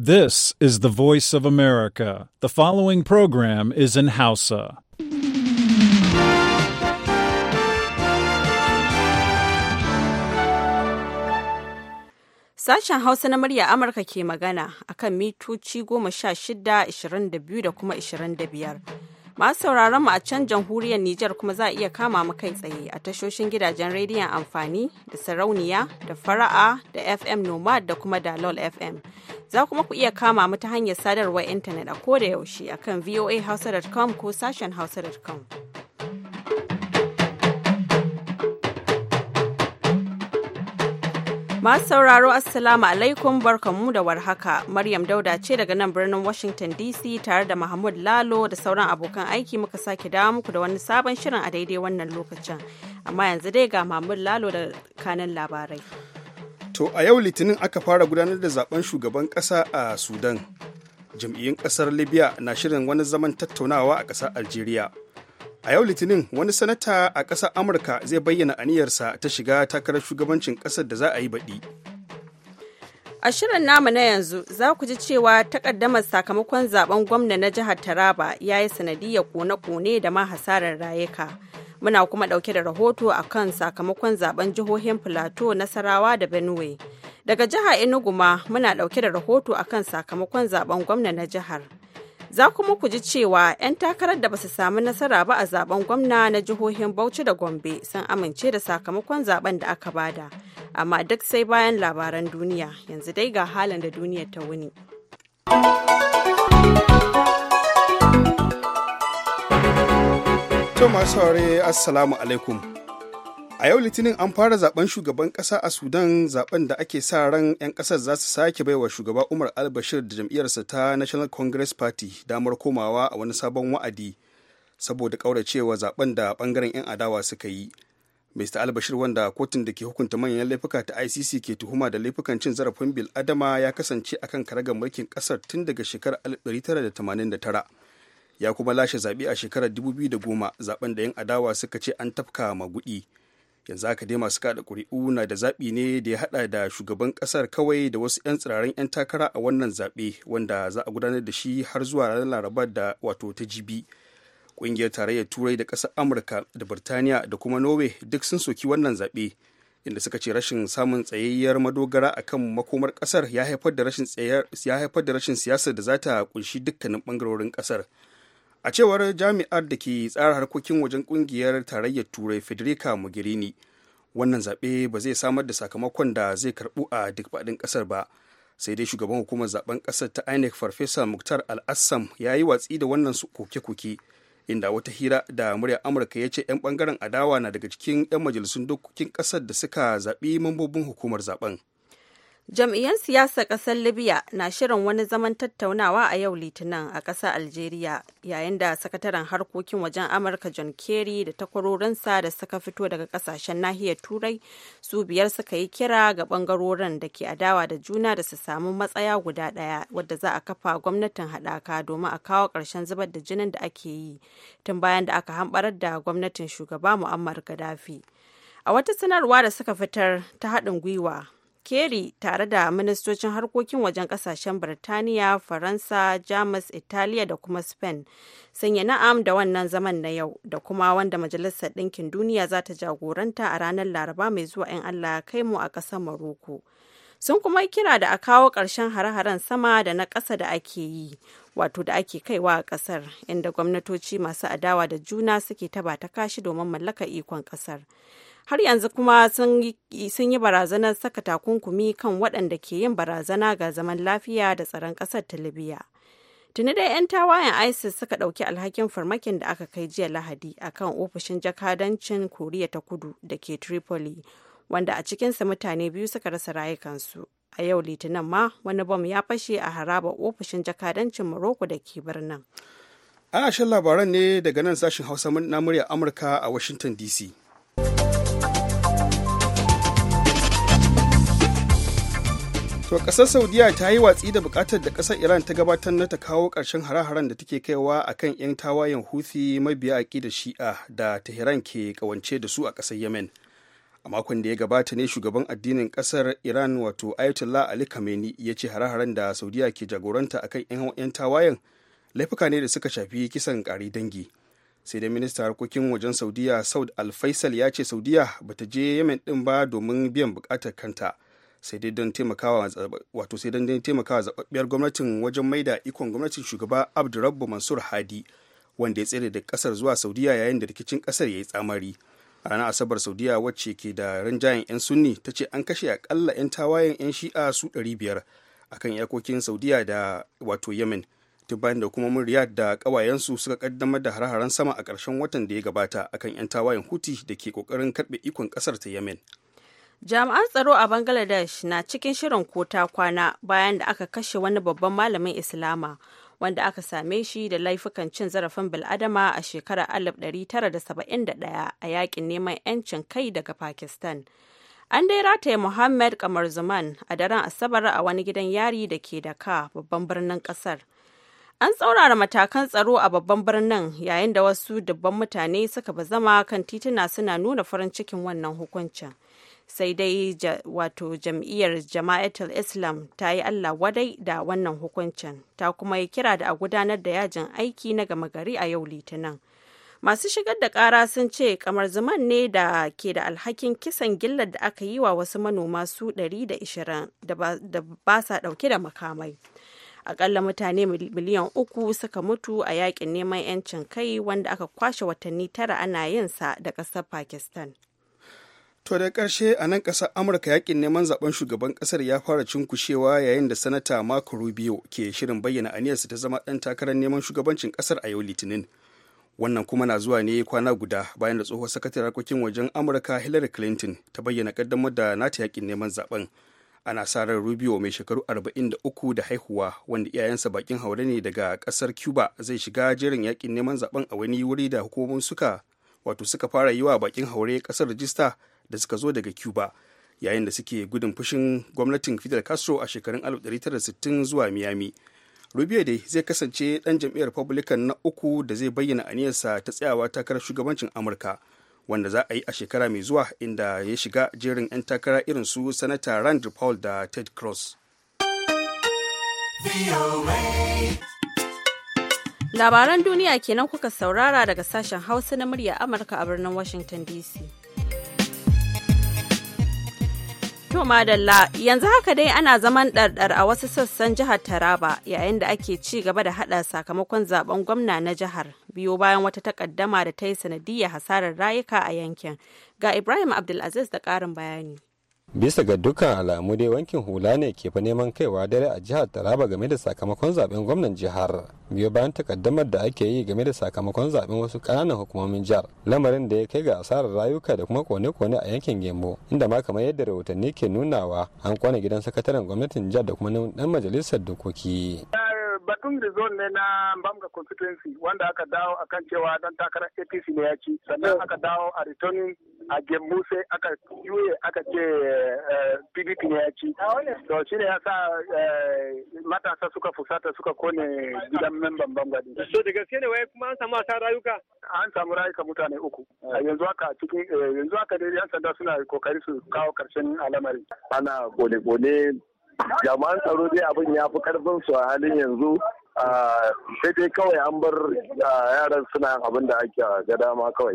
This is the voice of America. The following program is in Hausa. Sashen Hausa na murya Amurka ke magana akan mitoci goma sha shida, ishirin da biyu da kuma ishirin da biyar. Masu sauraron mu a can jamhuriyar Nijar kuma za a iya kama mu kai tsaye a tashoshin gidajen rediyon amfani da sarauniya da fara'a da FM Nomad da kuma Dalol FM. Za kuma ku iya kama mu ta hanyar sadarwar intanet a koda yaushe akan voahausa.com ko sashen hausa.com. Masu sauraro Assalamu alaikum barkanmu da warhaka. Maryam Dauda ce daga nan birnin Washington DC tare da Mahmud Lalo da sauran abokan aiki muka sake dawo muku da wani sabon shirin a daidai wannan lokacin. Amma yanzu dai ga Mahmud Lalo da kanan labarai. To a yau Litinin aka fara gudanar da zaben shugaban ƙasa a Sudan. Jam'iyyun ƙasar Libya na shirin wani zaman tattaunawa a ƙasar Algeria. a yau litinin wani sanata a ƙasar amurka zai bayyana aniyarsa ta shiga takarar shugabancin ƙasar da za a yi baɗi a shirin namu na yanzu za ku ji cewa takaddamar sakamakon zaben gwamna na jihar taraba ya yi sanadiyar kone-kone da ma hasarar rayuka muna kuma ɗauke da rahoto a kan sakamakon zaben jihohin plateau nasarawa da benue daga jihar enugu ma muna ɗauke da rahoto a kan sakamakon zaben gwamna na jihar Za kuma ku ji cewa 'yan takarar da ba su samu nasara ba a zaben gwamna na jihohin Bauchi da Gombe sun amince da sakamakon zaben da aka bada. Amma duk sai bayan labaran duniya yanzu dai ga halin da duniya ta wuni. To masu assalamu alaikum. A yau Litinin an fara zaben shugaban kasa a Sudan zaben da ake sa ran 'yan kasar za su sake baiwa shugaba Umar al-Bashir da jam'iyyarsa ta National Congress Party damar komawa a wani sabon wa'adi saboda ƙauracewa zaben da bangaren 'yan adawa suka yi. Mr. al-Bashir wanda kotun da ke hukunta manyan laifuka ta ICC ke tuhuma da laifukan cin zarafin bil adama ya kasance a akan karagar mulkin kasar tun daga shekarar 1989. Ya kuma lashe zaɓe a shekarar 2010 zaben da 'yan adawa suka ce an tafka magudi. yanzu aka dai masu kada kuri'u na da zaɓi ne da ya haɗa da shugaban ƙasar kawai da wasu 'yan tsiraran 'yan takara a wannan zaɓe wanda za a gudanar da shi har zuwa ranar laraba da wato ta jibi ƙungiyar tarayyar turai da ƙasar amurka da birtaniya da kuma norway duk sun soki wannan zaɓe inda suka ce rashin samun tsayayyar madogara a kan makomar ƙasar ya haifar da rashin siyasar da za ta ƙunshi dukkanin ɓangarorin ƙasar. a cewar jami'ar da ke tsara harkokin wajen kungiyar tarayyar turai federica mogherini wannan zaɓe ba zai samar da sakamakon da zai karɓu a duk faɗin ƙasar ba sai dai shugaban hukumar zaben ƙasar ta inec farfesa muktar al-assam ya yi watsi da wannan koke-koke inda wata hira da muryar amurka ya ce 'yan bangaren adawa na daga cikin 'yan majalisun dokokin ƙasar da suka zaɓi mambobin hukumar zaben Jam'iyyar siyasar ƙasar Libya na shirin wani zaman tattaunawa a yau Litinin a ƙasar Algeria yayin da sakataren harkokin wajen Amurka John Kerry da takwarorinsa da suka fito daga ƙasashen nahiyar Turai su biyar suka yi kira ga ɓangarorin da ke adawa da juna da su samu matsaya guda ɗaya wadda za a kafa gwamnatin haɗaka domin a kawo ƙarshen zubar da jinin da ake yi tun bayan da aka hambarar da gwamnatin shugaba Muammar Gaddafi. A wata sanarwa da suka fitar ta haɗin gwiwa Kerry tare da ministocin harkokin wajen kasashen Birtaniya, Faransa, Jamus, Italiya da kuma Spain sanya yi na'am da wannan zaman na yau da kuma wanda Majalisar Ɗinkin Duniya za ta jagoranta a ranar Laraba mai zuwa 'yan Allah kai mu a ƙasar Maroko. Sun kuma kira da a kawo ƙarshen hare-haren sama da na ƙasa da ake yi, wato da ake kaiwa a ƙasar, inda gwamnatoci masu adawa da juna suke taba ta kashi domin mallaka ikon ƙasar. har yanzu kuma sun yi barazanar saka takunkumi kan waɗanda ke yin barazana ga zaman lafiya da tsaron ƙasar ta libya tuni dai 'yan tawayen isis suka ɗauki alhakin farmakin da aka kai jiya lahadi a kan ofishin jakadancin koriya ta kudu da ke tripoli wanda a cikinsa mutane biyu suka rasa rayukansu a yau litinin ma wani bom ya fashe a haraba ofishin jakadancin morocco da ke birnin ana shan labaran ne daga nan sashen hausa na murya amurka a washington dc To kasar Saudiya ta yi watsi da bukatar da kasar Iran ta gabatar na ta kawo ƙarshen hare-haren da take kaiwa a kan 'yan tawayen Houthi mabiya da Shi'a da Tehran ke kawance da su a ƙasar Yemen. A makon da ya gabata ne shugaban addinin ƙasar Iran wato Ayatollah Ali Khamenei ya ce hare-haren da Saudiya ke jagoranta akan 'yan tawayen laifuka ne da suka shafi kisan ƙari dangi. sai dai minista harkokin wajen saudiya saud al-faisal ya ce saudiya bata je yemen din ba domin biyan bukatar kanta sai dai don taimakawa wato sai don taimakawa zababbiyar gwamnatin wajen maida ikon gwamnatin shugaba abdurrabbu mansur hadi wanda ya tsere da kasar zuwa saudiya yayin da rikicin kasar ya yi tsamari a ranar asabar saudiya wacce ke da rinjayen 'yan sunni ta ce an kashe akalla 'yan tawayen 'yan shi'a su 500 kan iyakokin saudiya da wato yemen tun bayan da kuma riyad da kawayensu suka kaddamar da hare sama a ƙarshen watan da ya gabata akan 'yan tawayen huti da ke kokarin karɓe ikon ƙasar ta yemen jami'an tsaro a bangladesh na cikin shirin kota kwana bayan da aka kashe wani babban malamin islama wanda aka same shi da laifukan cin zarafin bil'adama a shekarar 1971 a yakin neman 'yancin kai daga pakistan an dai rataye muhammad kamar zuman, a daren asabar a wani gidan yari da ke daka babban birnin kasar an tsaurara matakan tsaro a babban birnin yayin da wasu dubban mutane suka bazama kan tituna suna nuna farin cikin wannan hukuncin sai dai wato jam'iyyar jama'atul islam ta yi allah wadai da wannan hukuncin ta kuma yi kira da a gudanar da yajin aiki na gama gari a yau litinin masu shigar da kara sun ce kamar zaman ne da ke da alhakin kisan gillar da aka yi wa wasu manoma su 120 da ba sa dauke da makamai akalla mutane miliyan uku suka mutu a yakin neman 'yancin kai wanda aka kwashe watanni tara ana yinsa da ƙasar pakistan To da ƙarshe a nan ƙasar Amurka yakin neman zaben shugaban ƙasar ya fara cinkushewa yayin da sanata Marco Rubio ke shirin bayyana aniyarsa ta zama ɗan takarar neman shugabancin ƙasar a yau Litinin. Wannan kuma na zuwa ne kwana guda bayan da tsohon sakatare harkokin wajen Amurka Hillary Clinton ta bayyana ƙaddamar da nata yakin neman zaben. Ana sa ran Rubio mai shekaru 43 da haihuwa wanda iyayensa bakin haure ne daga ƙasar Cuba zai shiga jerin yakin neman zaben a wani wuri da hukumomin suka wato suka fara yi wa bakin haure ƙasar rajista da suka zo daga cuba yayin da suke gudun fushin gwamnatin fidel castro a shekarun 1960 zuwa miami rubio dai zai kasance dan jam'iyyar republican na uku da zai bayyana aniyarsa ta tsayawa takarar shugabancin amurka wanda za a yi a shekara mai zuwa inda ya shiga jerin 'yan takara irin su sanata rand paul da ted cross labaran duniya kenan kuka saurara daga sashen hausa na murya amurka a birnin washington dc To madalla yanzu haka dai ana zaman ɗarɗar a wasu sassan jihar Taraba yayin da ake ci gaba da haɗa sakamakon zaben gwamna na jihar biyo bayan wata takaddama da ta yi sanadiyya hasarar rayuka a yankin. Ga Ibrahim Abdulaziz da ƙarin bayani. bisa ga dukkan alamu dai wankin hula ne ke fa neman kaiwa dare a jihar taraba game da sakamakon zaben gwamnan jihar biyo bayan takaddamar da ake yi game da sakamakon zaben wasu kananan hukumomin jihar lamarin da ya kai ga asarar rayuka da kuma kone-kone a yankin gembo inda ma kamar yadda rahotanni ke nunawa an kwana gidan sakataren gwamnatin jihar da kuma dan majalisar dokoki batun result ne na mbamga constituency wanda aka dawo akan cewa dan takarar APC ne ya ci sannan aka dawo a returning a Gembuse aka yuye aka ce PDP eh, ne ya ci to shine ya sa eh, matasa suka fusata suka kone gidan member mbamga din so da gaske ne wai kuma an samu asar rayuka an samu rayuka mutane uku yanzu haka cikin eh, yanzu haka dai yan sanda suna kokari su kawo karshen alamari. ana gode-gode jami'an tsaro dai abin ya fi karfin su a halin yanzu Ah, sai dai kawai an bar ah, yaran suna abin da ake ga dama kawai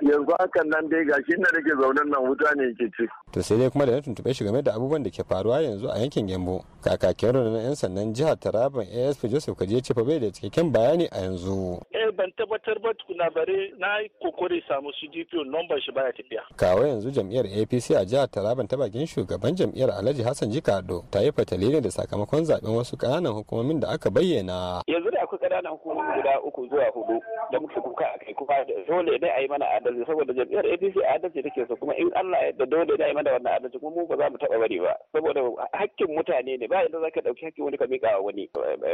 yanzu hakan nan dai gashi inda nake zaunan nan wuta ne yake ci to sai dai kuma da na tuntube shi game da abubuwan da ke faruwa yanzu a yankin gembo kakakin rundunar yan sandan jihar taraban asp joseph kaje ce fa bai da cikakken bayani a yanzu eh ban tabbatar ba tukuna bare na yi kokori samu su dpo nomban shi baya tafiya kawai yanzu jam'iyyar apc a jihar taraban ta bakin shugaban jam'iyyar alhaji hassan jikado ta yi fatali ne da sakamakon zaben wasu ƙananan hukumomin da aka bayyana yanzu da akwai ƙananan hukumomi guda uku zuwa hudu da muke kuka a kai kuma dole ne a yi mana adalci saboda jam'iyyar apc adalci take so kuma in allah yadda dole ne a yi mana wannan adalci kuma mu ba za mu taɓa bari ba saboda hakkin mutane ne ba yadda za ka ɗauki hakkin wani ka miƙa wa wani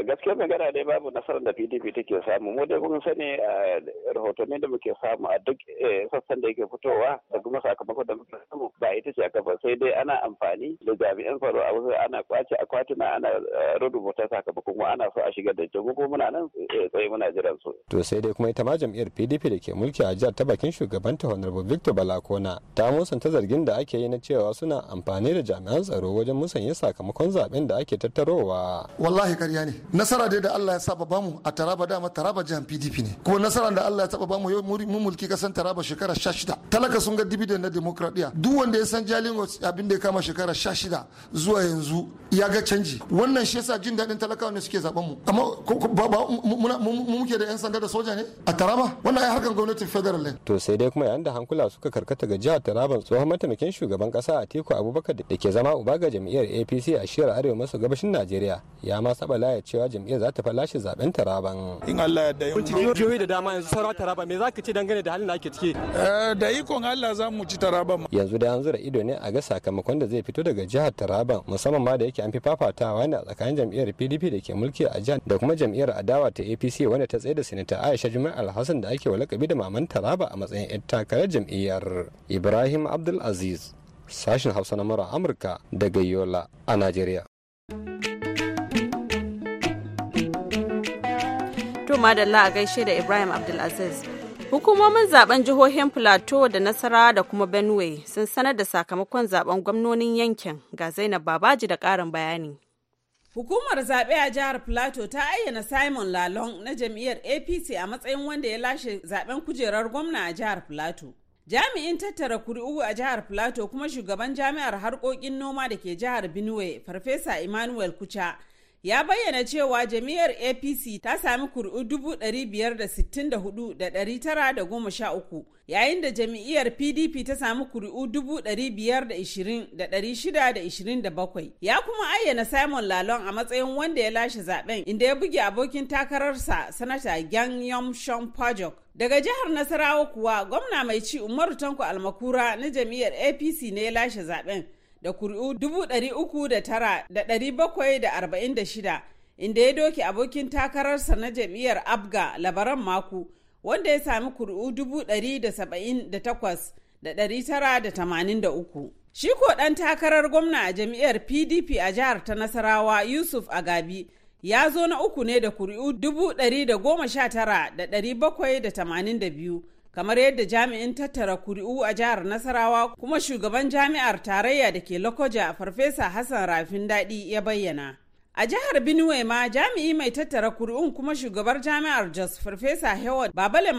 gaskiya magana ne babu nasarar da pdp take samu mu dai kun sani eh, rahotanni da muke samu a duk eh, sassan da yake fitowa da kuma sakamakon da muke samu ba ita ce a kafa sai dai ana amfani da jami'an tsaro a wasu ana kwace akwatuna ana eh, rubuta sakamakon ana so a shiga ga dace ko ko muna nan eh, tsaye muna jiran su. To sai dai kuma ita ma jam'iyyar PDP da ke mulki a jihar ta bakin shugaban ta Honorable Victor Balakona ta musanta zargin da ake yi na cewa suna amfani da jami'an tsaro wajen musanya sakamakon zaben da ake tattarowa. Wallahi karya ne. Nasara dai da Allah ya saba mu a Taraba dama Taraba jihar PDP ne. Kuma nasara da Allah ya saba mu yau mun mulki kasan Taraba shekara 16. Talaka sun ga dividend na demokradiya. Duk wanda ya san Jalingo abin da ya kama shekara shida zuwa yanzu ya ga canji. Wannan shi yasa jin daɗin talakawa ne suke zaben mu. amma muna muke da 'yan sanda da soja ne a taraba wannan ai harkar gwamnati federal ne to sai dai kuma yayin da hankula suka karkata ga jihar taraban tsohon mataimakin shugaban kasa atiku abubakar da ke zama uba ga jam'iyyar apc a shirar arewa maso gabashin najeriya ya ma saba laya cewa jam'iyyar za ta falashe zaben taraban in allah ya dai jihohi da dama yanzu sauran taraba me zaka ce dangane da halin da ake ciki eh, da ikon allah za mu ci taraba yanzu da an zura ido ne a ga sakamakon da zai fito daga jihar taraban musamman ma da yake an fi fafatawa ne a tsakanin jam'iyyar pdp da ke mulki a jihar da kuma jam'iyyar adawa ta apc wanda ta tsaye da sinita aisha jimar alhassan da ake walakabi da maman taraba a matsayin 'yan takarar jam'iyyar ibrahim abdul-aziz sashen hausa na mura amurka daga yola a najeriya da madalla a gaishe da ibrahim abdulaziz Hukumomin zaben jihohin Plateau da Nasara da kuma Benue sun sanar da sakamakon zaben gwamnonin yankin ga Zainab Babaji da karin bayani. Hukumar zaɓe a jihar Plateau ta ayyana Simon Lalong na jam'iyyar APC a matsayin wanda ya lashe zaben kujerar gwamna a jihar Plateau. Jami'in tattara kuri'u a jihar Plateau kuma shugaban jami'ar harkokin noma da ke jihar Benue, Farfesa Emmanuel Kucha, ya bayyana cewa jami'ar apc ta sami kuri'u uku yayin da jami'ar pdp ta sami kuri'u 520,627 ya kuma ayyana simon lalon a matsayin wanda ya lashe zaben inda ya buge abokin takararsa sanata gyan yom shon pajok daga jihar nasarawa kuwa gwamna mai ci umaru tanko almakura na jami'ar apc ne ya lashe zaben da kuri'u 309,746 inda ya doki abokin takararsa na jam'iyyar abga labaran maku wanda ya sami kuri'u 178,983 shi ko dan takarar gwamna a jam'iyyar pdp a jihar ta nasarawa yusuf agabi ya zo na uku ne da kuri'u 119,782 kamar yadda jami'in tattara kuri'u a jihar nasarawa kuma shugaban jami'ar tarayya da ke lokoja farfesa hassan rafin daɗi ya bayyana a jihar benue ma jami'i mai tattara kuri'un kuma shugabar jami'ar jos farfesa howard babale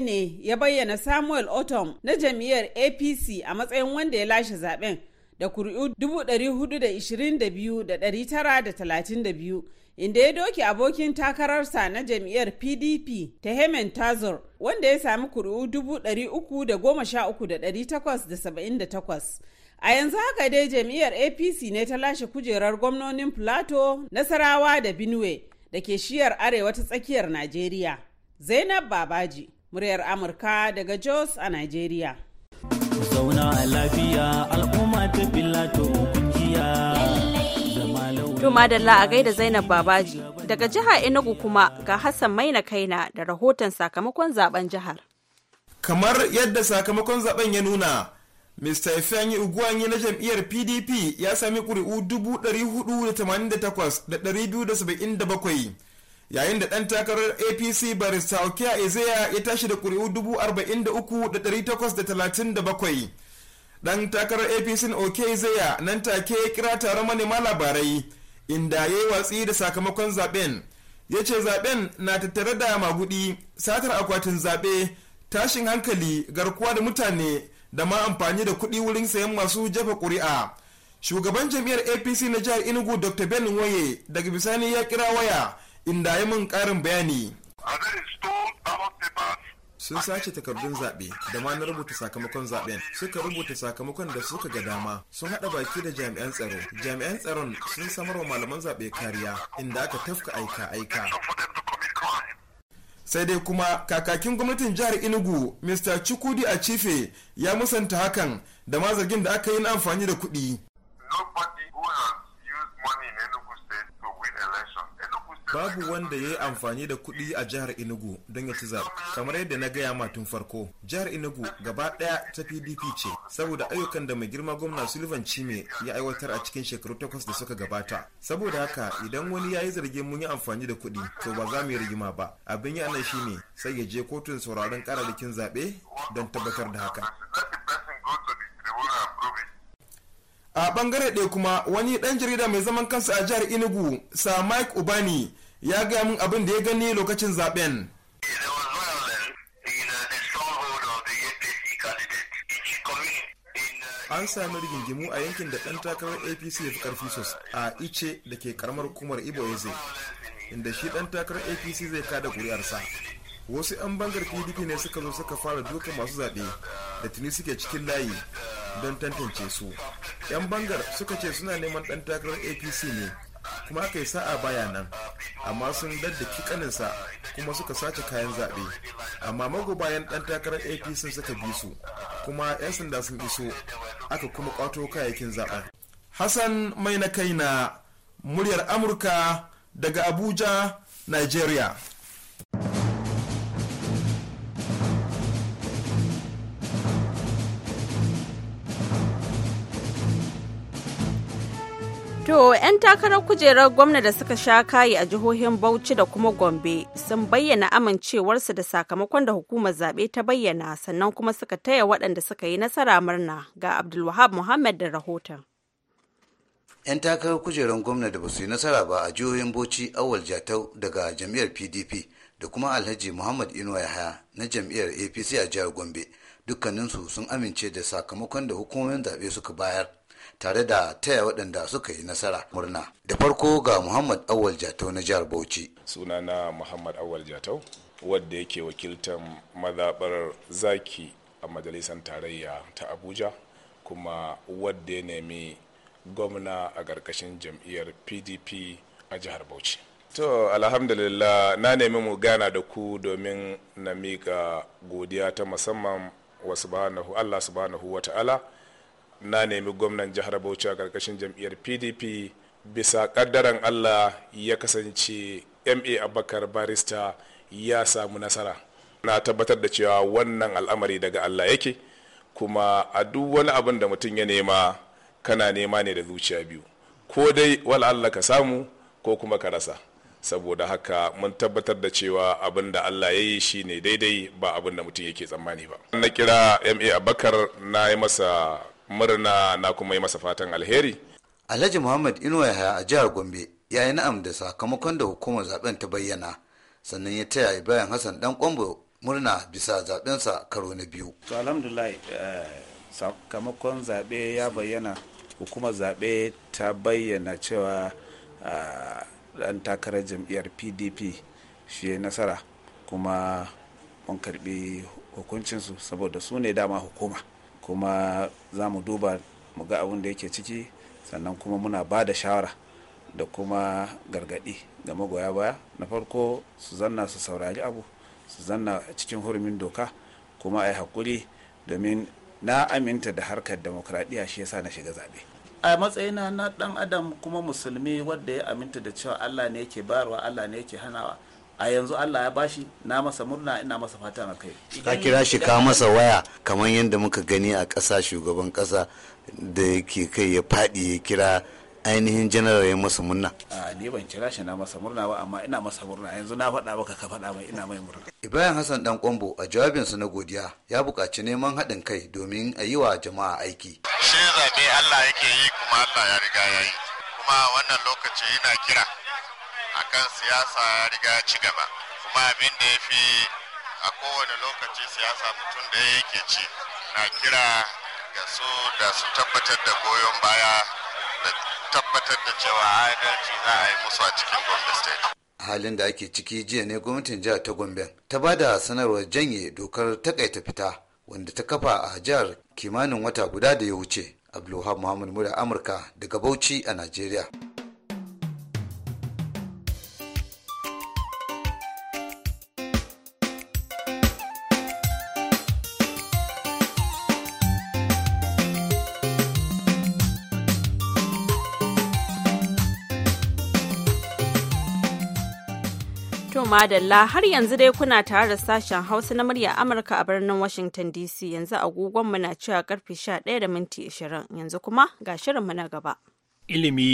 ne ya bayyana samuel otom na jam'iyyar apc a matsayin wanda ya lashe zaben da kuri'u 422,932 inda ya doke abokin takararsa na jam'iyyar pdp ta hemen tazor wanda ya sami kuri'u dubu uku uku da da da da goma sha saba'in takwas a yanzu haka dai jam'iyyar apc ne ta lashe kujerar gwamnonin plato nasarawa da benue da ke shiyar arewa ta tsakiyar najeriya zainab babaji muryar amurka daga jos a najeriya zauna lafiya al'umma ta To madalla a gaida Zainab Babaji. Daga jiha Enugu kuma ga Hassan Maina Kaina da rahoton sakamakon zaben jihar. Kamar yadda sakamakon zaben ya nuna, Mr. Ifeanyi Uguanyi na jam'iyyar PDP ya sami ƙuri'u 488,277 yayin da ɗan takarar APC barista Okia Ezeya ya tashi da ƙuri'u 43,837. dan takarar apc ok zaya nan take ya kira taron manema labarai inda ya yi watsi da sakamakon zaben ya ce zaben na tattare da magudi satar akwatin zaɓe tashin hankali garkuwa da mutane da ma amfani da kuɗi wurin sayan masu jefa ƙuri'a shugaban jam'iyyar apc na jihar enugu dr ben waye daga bisani ya kira waya inda ya min ƙarin bayani sun sace takardun zaɓe da ma na rubuta sakamakon zaɓen suka rubuta sakamakon da suka ga dama sun haɗa baki da jami'an tsaro jami'an tsaron sun samar wa malaman zaɓe kariya inda aka tafka aika aika sai dai kuma kakakin gwamnatin jihar inugu mr a cife ya musanta hakan da ma zargin da aka yi na amfani da kuɗi. Nobody who has used money in Enugu State to win election babu wanda ya yi amfani da kuɗi a jihar enugu don ya ci zaɓe kamar yadda na gaya tun farko jihar enugu gaba ɗaya ta pdp ce saboda ayyukan da mai girma gwamna sullivan chime ya aiwatar a cikin shekaru takwas da suka gabata saboda haka idan wani ya yi zargin mun yi amfani da kuɗi to ba za mu yi rigima ba abin yi shi ne sai ya je kotun sauraron kararrakin zaɓe don tabbatar da haka a bangare ɗaya kuma wani ɗan jarida mai zaman kansa a jihar inugu sir mike ubani ya gaya min abin da ya gani lokacin zaben uh, uh, an sami rigingimu a yankin da ɗan takarar apc ya fi karfi a ice da ke karamar kumar ibo eze inda shi ɗan takarar apc zai kada ƙuri'arsa. wasu 'yan bangar pdp ne suka zo suka fara duka masu zaɓe da tuni suke cikin layi don tantance su 'yan bangar suka ce suna neman ɗan takarar apc ne kuma aka yi sa'a baya nan amma sun daddaki kaninsa kuma suka sace kayan zaɓe amma magobayan ɗan takarar apc suka bi su kuma 'yan sanda sun iso aka kuma kwato kayayyakin zaɓen hassan mai na kai na muryar amurka daga abuja nigeria To, 'yan takarar kujerar gwamna da suka sha kayi a jihohin Bauchi da kuma Gombe sun bayyana amincewarsu da sakamakon da hukumar zaɓe ta bayyana sannan kuma suka taya waɗanda suka yi nasara murna ga Abdulwahab Muhammad da rahoton. 'yan takarar kujerar gwamna da ba su yi nasara ba a jihohin bauchi awal jatau daga jam'iyyar pdp da kuma alhaji muhammad inuwa yahaya na jam'iyyar apc a jihar gombe dukkaninsu sun amince da sakamakon da hukumomin zaɓe suka bayar tare da taya waɗanda suka yi nasara murna da farko ga muhammad awal jatau na jihar bauchi sunana muhammad awal jatau wadda yake wakiltar mazaɓar zaki a majalisar tarayya ta abuja kuma wadda ya nemi gwamna a ƙarƙashin jam'iyyar pdp a jihar bauchi to alhamdulillah na nemi mu gana da ku domin na miƙa godiya ta musamman wa subhanahu allah subhanahu wa ta'ala na nemi gwamnan jihar bauchi a karkashin jam'iyyar pdp bisa kaddaran allah ya kasance ma abakar barista ya samu nasara na tabbatar da cewa wannan al'amari daga allah yake kuma a duk wani abin da mutum ya nema kana nema ne da zuciya biyu ko dai wal allah ka samu ko kuma ka rasa saboda haka mun tabbatar da cewa abin da Allah ya yi shi ne daidai ba abin da mutum yake tsammani ba. Na kira MA Abakar na yi masa murna na kuma yi masa fatan alheri alhaji muhammad inuwa yahaya a jihar gombe ya yi na'am da sakamakon da hukumar zaben ta bayyana sannan ya taya bayan hassan dan kwambo murna bisa zabensa karo na biyu to alhamdulillah eh, sakamakon zaɓe ya bayyana hukumar zaɓe ta bayyana cewa eh, ɗan takarar jam'iyyar pdp shi ya nasara kuma mun karɓi hukuncinsu saboda su ne dama hukuma kuma za mu duba mu ga abin da yake ciki sannan kuma muna ba da shawara da kuma gargaɗi ga magoya baya na farko su zanna su saurari abu su zanna cikin hurumin doka kuma a yi haƙuri domin na aminta da harkar demokradiyya shi yasa na shiga zaɓe a matsayina na ɗan adam kuma musulmi wadda ya aminta da cewa allah ne yake bayarwa allah ne yake hanawa a yanzu Allah ya bashi na masa murna ina masa fata na kai ka kira shi ka masa waya kamar yadda muka gani a ƙasa shugaban ƙasa da yake kai ya faɗi ya kira ainihin janar ya masa murna a ni ban kira shi na masa murna ba amma ina masa murna yanzu na faɗa maka ka faɗa mai ina mai murna ibrahim hassan dan kwambo a jawabinsa na godiya ya buƙaci neman haɗin kai domin a yi wa jama'a aiki shi zaɓe allah yake yi kuma allah ya riga ya yi kuma wannan lokaci yana kira akan siyasa ya riga ci gaba kuma abin da ya fi a kowane lokaci siyasa mutum da ya yake ci na kira ga su da su tabbatar da goyon baya da tabbatar da cewa adalci za a yi musu a cikin gombe state halin da ake ciki jiya ne gwamnatin jihar ta gombe ta ba da sanarwar janye dokar takaita fita wanda ta kafa a jihar kimanin wata guda da ya wuce abdulwahab muhammad mura amurka daga bauchi a najeriya madalla har yanzu dai kuna tare da sashen hausa na murya amurka a birnin washington dc yanzu agogon na cewa karfe 11 da minti 20 yanzu kuma ga shirinmu na gaba ilimi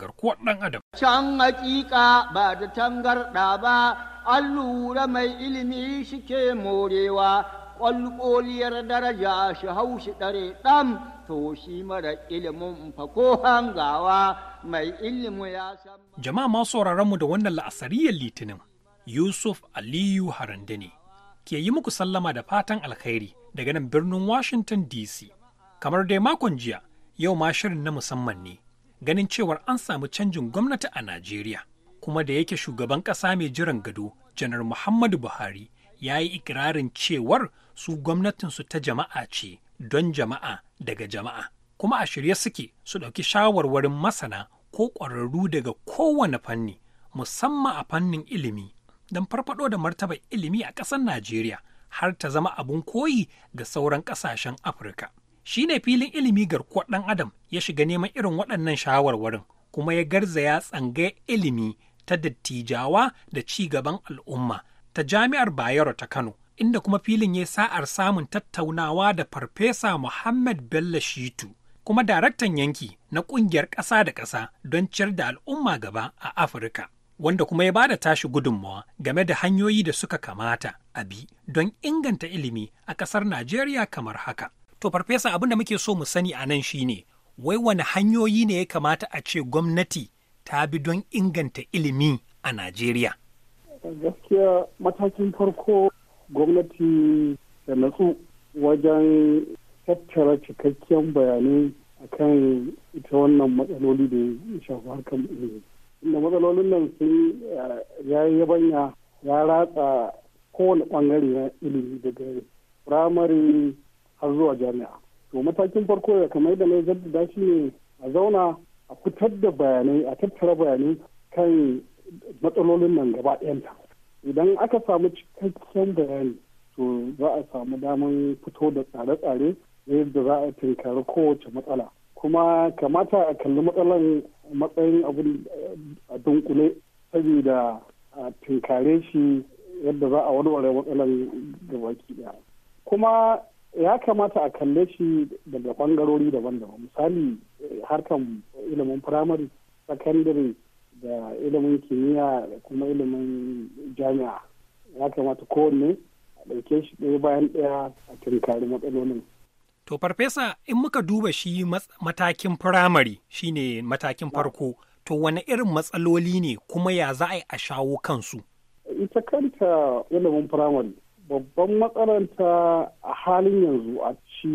garkuwar dan adam can hakika ba da tangarda ba allura mai ilimi shike morewa kwalkoliyar daraja shi haushi dare dam to shi mara ilimin fa ko hangawa mai ilimu ya san. Jama'a masu mu da wannan la'asariyar litinin, Yusuf Aliyu Harande ne, ke yi muku sallama da fatan alkhairi daga nan birnin Washington DC. Kamar dai makon jiya, yau ma shirin na musamman ne, ganin cewar an samu canjin gwamnati a Najeriya. Kuma da yake shugaban ƙasa mai jiran gado, Janar Muhammadu Buhari, ya yi ikirarin cewar su gwamnatinsu ta jama'a ce don jama'a daga jama'a. kuma a shirye suke su ɗauki shawarwarin masana ko ƙwararru daga kowane fanni musamman a fannin ilimi don farfaɗo da martabar ilimi a ƙasar Najeriya har ta zama abun koyi ga sauran ƙasashen Afirka. Shi ne filin ilimi garkuwar ɗan Adam ya shiga neman irin waɗannan shawarwarin kuma ya garza ya tsangaya ilimi ta dattijawa da ci gaban al'umma ta jami'ar Bayero ta Kano inda kuma filin ya sa'ar samun tattaunawa da Farfesa Muhammad Bello Shitu. kuma daraktan yanki na ƙungiyar ƙasa da ƙasa don ciyar da al'umma gaba a Afirka. Wanda kuma ya ba da tashi gudunmawa game da hanyoyi da suka kamata a bi don inganta ilimi a ƙasar Najeriya kamar haka. To farfesa abin da muke so mu sani a nan ne wai wani hanyoyi ne ya kamata a ce gwamnati ta bi don inganta ilimi a Najeriya. Gaskiya matakin farko gwamnati da natsu wajen tattara cikakken bayanai a kan ita wannan matsaloli da ya shafi harkar ilimi inda matsalolin nan sun eh, ya yi yabanya ya ratsa kowane bangare na ilimi daga firamare har zuwa jami'a to matakin farko ya kamar da na jaddada shi ne a zauna a fitar da bayanai a tattara bayanai kan matsalolin nan gaba ɗayanta idan aka samu cikakken bayani to za a samu damar fito da tsare-tsare yadda za a tinkari kowace matsala kuma kamata a kalli matsalan matsayin abin a dunkule saboda a tinkare shi yadda za a warware matsalan gabaki daya kuma ya kamata a kalle shi daga bangarori daban-daban misali harkan ilimin firamare sakandare da ilimin kimiyya da kuma ilimin jami'a ya kamata kowanne a ɗauke shi ɗaya bayan ɗaya a tunkari matsalolin To farfesa in muka duba shi matakin firamare shine matakin farko to wani irin matsaloli ne kuma ya za a yi a shawo kansu? Ita kanta ilimin firamare babban matsalanta a halin yanzu a ci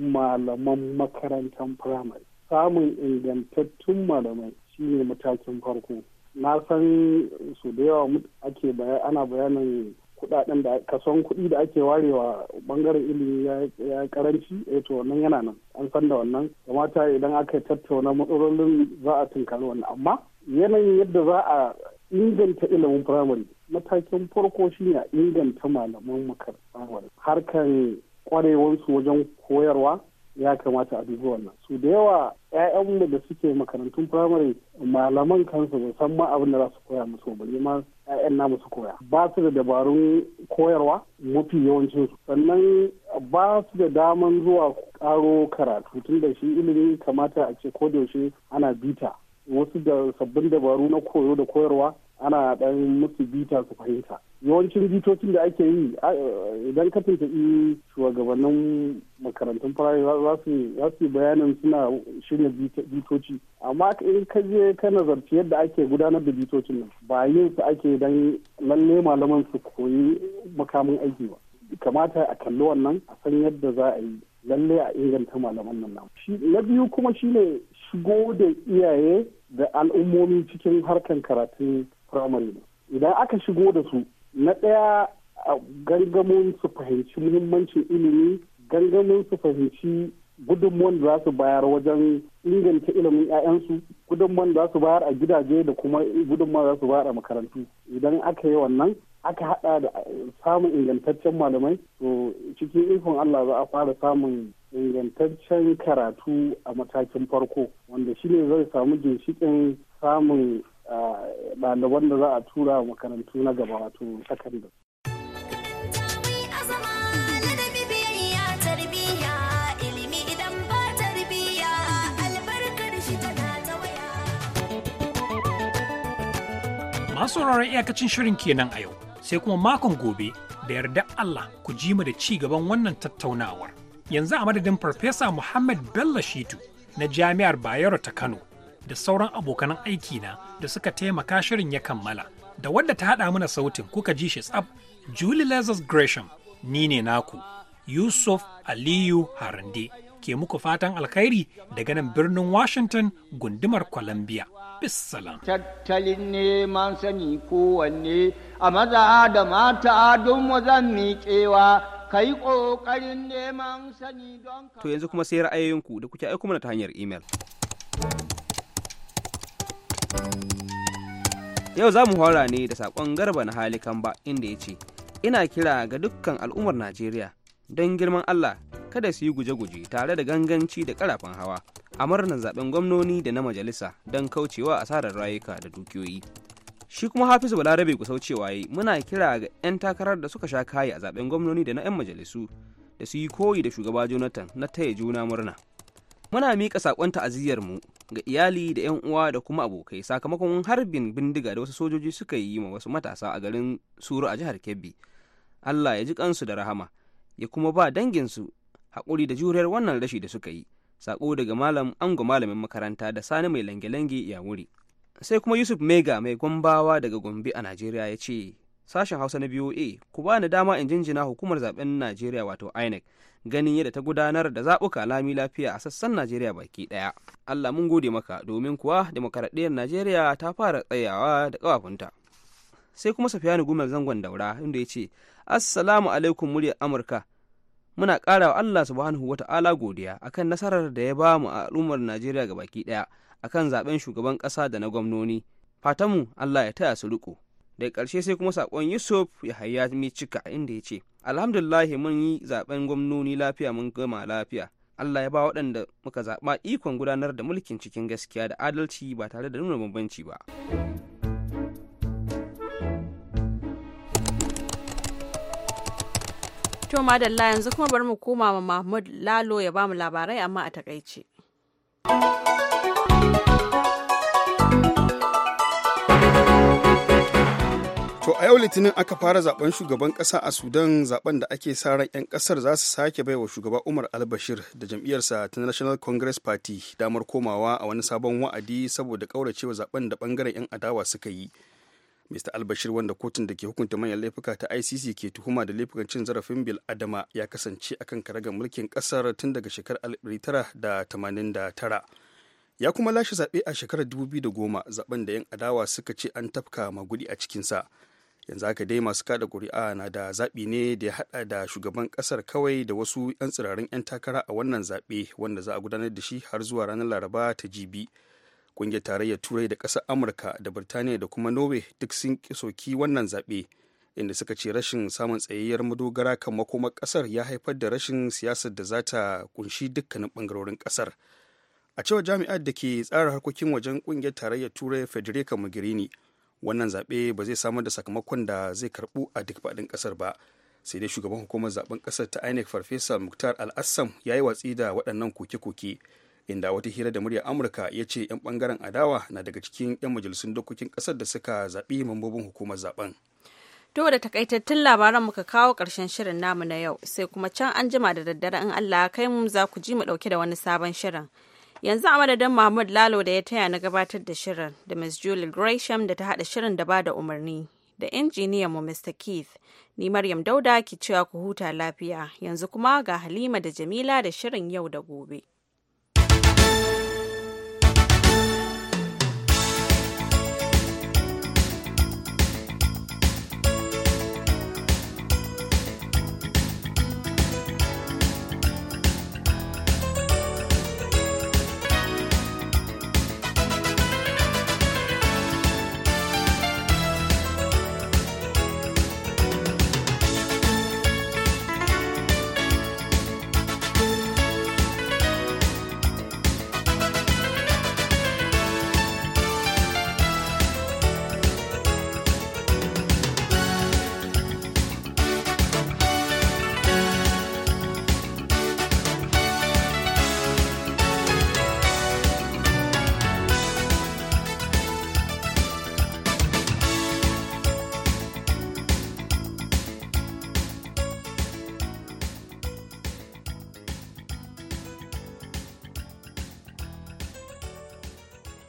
malaman makarantar firamare. Samun ingantattun malamai shine matakin farko. Na san su da yawa ake ana bayanin kudaden da kason kuɗi da ake warewa bangaren ilimi ya karanci eh to wannan yana nan an san da wannan kamata idan aka tattauna matsalolin za a tunkari wannan amma yanayin yadda za a inganta ilimin firamare matakin farko shine a inganta malaman makarantar harkan kwarewarsu wajen koyarwa ya kamata a dubi wannan su da yawa 'ya'yanmu da suke makarantun firamare malaman kansu ba san ma abin da za su koya musu ba ma 'ya'yan namu su koya ba su da dabarun koyarwa mafi yawancin su sannan ba su da daman zuwa karo karatu tun da shi ilimi kamata a ce ko yaushe ana bita wasu da sabbin dabaru na koyo da koyarwa ana dan musu bita su fahimta yawancin bitocin da ake yi idan ka tuntuɓi shugabannin makarantun farai za su bayanin suna shirya bitoci amma in ka je ka nazarci yadda ake gudanar da bitocin nan ba yin su ake dan lalle malaman su koyi makamin aiki ba kamata a kalli wannan a san yadda za a yi lalle a inganta malaman nan na biyu kuma shine shigo da iyaye da al'ummomi cikin harkan karatun firamare idan aka shigo da su na ɗaya a gangamin su fahimci muhimmancin ilimi gangamin su fahimci gudunmuwan da za su bayar wajen inganta ilimin 'ya'yansu gudunmuwan da za su bayar a gidaje da kuma gudunmuwan za su bayar a makarantu idan aka yi wannan aka haɗa da samun ingantaccen malamai to cikin ikon Allah za a fara samun ingantaccen karatu a matakin farko wanda shine zai samu ginshikin samun ɗaliban da za a tura makarantu na gaba wato sakandare. masu sauraron iyakacin shirin kenan a yau sai kuma makon gobe da yarda Allah ku ji mu da ci gaban wannan tattaunawar yanzu a madadin farfesa Muhammad Bello Shitu na jami'ar Bayero ta Kano da sauran abokanan aikina da suka taimaka shirin ya kammala. Da wadda ta haɗa mana sautin kuka ji shi tsab, Julie Lazarus Gresham, ni ne naku, Yusuf Aliyu Harande, ke muku fatan alkhairi daga nan birnin Washington gundumar Columbia. Bissalam. Tattalin neman sani kowanne a maza da mata don wazan miƙewa kai ƙoƙarin neman sani don To yanzu kuma sai ra'ayoyinku da kuke aiko mana ta hanyar imel. Yau za mu hora ne da saƙon garba na halikan ba inda ya ce, Ina kira ga dukkan al'ummar Najeriya don girman Allah kada su yi guje-guje tare da ganganci da ƙarafin hawa a murnar zaɓen gwamnoni da na majalisa don kaucewa asarar rayuka da dukiyoyi. Shi kuma Hafizu Balarabe kusau cewa yi muna kira ga 'yan takarar da suka sha kayi a zaɓen gwamnoni da na 'yan majalisu da su yi koyi da shugaba Jonathan na taya juna murna. Muna miƙa saƙon mu ga iyali da 'yan uwa da kuma abokai sakamakon harbin bindiga da wasu sojoji suka yi ma wasu matasa a garin suru a jihar kebbi allah ya ji kansu da rahama ya kuma ba danginsu haƙuri da juriyar wannan rashi da suka yi sako daga malam ango malamin makaranta da sani mai lange-lange ya wuri sai kuma yusuf mega mai gwambawa daga gombe a najeriya ya ce sashen hausa na a ku bani dama in jinjina hukumar zaben Najeriya wato INEC ganin yadda ta gudanar da zaɓuka lami lafiya a sassan Najeriya baki ɗaya. Allah mun gode maka domin kuwa demokaradiyyar Najeriya ta fara tsayawa da kafafunta Sai kuma Safiyanu Gumel zangon daura inda ya ce Assalamu alaikum muryar Amurka muna kara wa Allah subhanahu wa ta'ala godiya akan nasarar da ya ba mu a al'ummar Najeriya ga baki ɗaya akan zaben shugaban kasa da na gwamnoni. Fatanmu Allah ya taya su riko. daga ƙarshe sai kuma sakon yusuf ya yahaya cika inda ya ce alhamdulahi mun yi zaben gwamnoni lafiya mun gama lafiya allah ya ba waɗanda muka zaɓa ikon gudanar da mulkin cikin gaskiya da adalci ba tare da nuna bambanci ba To madalla yanzu kuma bari mu koma ma Mahmud Lalo ya ba mu labarai amma a takaice. To a yau litinin aka fara zaben shugaban kasa a Sudan zaben da ake sa ran 'yan kasar za su sake baiwa shugaba Umar al-Bashir da jam'iyyarsa ta National Congress Party damar komawa a wani sabon wa'adi saboda kauracewa zaben da bangaren 'yan adawa suka yi. Mr. al wanda kotun da ke hukunta manyan laifuka ta ICC ke tuhuma da laifukan cin zarafin bil Adama ya kasance akan karagar mulkin kasar tun daga shekarar 1989. Ya kuma lashe zaɓe a shekarar 2010 zaben da 'yan adawa suka ce an tafka magudi a cikinsa. yanzu aka dai masu kada kuri'a na da zaɓi ne da ya haɗa da shugaban ƙasar kawai da wasu 'yan tsirarin 'yan takara a wannan zaɓe wanda za a gudanar da shi har zuwa ranar laraba ta jibi ƙungiyar tarayyar turai da ƙasar amurka da birtaniya da kuma norway duk sun soki wannan zaɓe inda suka ce rashin samun tsayayyar madogara kan makomar ƙasar ya haifar da rashin siyasar da za ta kunshi dukkanin ɓangarorin ƙasar a cewar jami'ar da ke tsara harkokin wajen ƙungiyar tarayyar turai federica mogherini wannan zaɓe ba zai samar da sakamakon da zai karɓu a duk faɗin ƙasar ba sai dai shugaban hukumar zaɓen ƙasar ta inec farfesa muktar al-assam ya yi watsi da waɗannan koke-koke inda wata hira da muryar amurka ya ce 'yan ɓangaren adawa na daga cikin 'yan majalisun dokokin ƙasar da suka zaɓi mambobin hukumar zaɓen. To da takaitattun labaran muka kawo ƙarshen shirin namu na yau sai kuma can an jima da daddare in Allah kai mu za ku ji mu ɗauke da wani sabon shirin. yanzu a madadin mahmud lalo da ya taya na gabatar da shirin da miss julie gresham da ta haɗa shirin da ba da umarni da injiniyan mu mr keith ni maryam dauda ki cewa ku huta lafiya yanzu kuma ga halima da jamila da shirin yau da gobe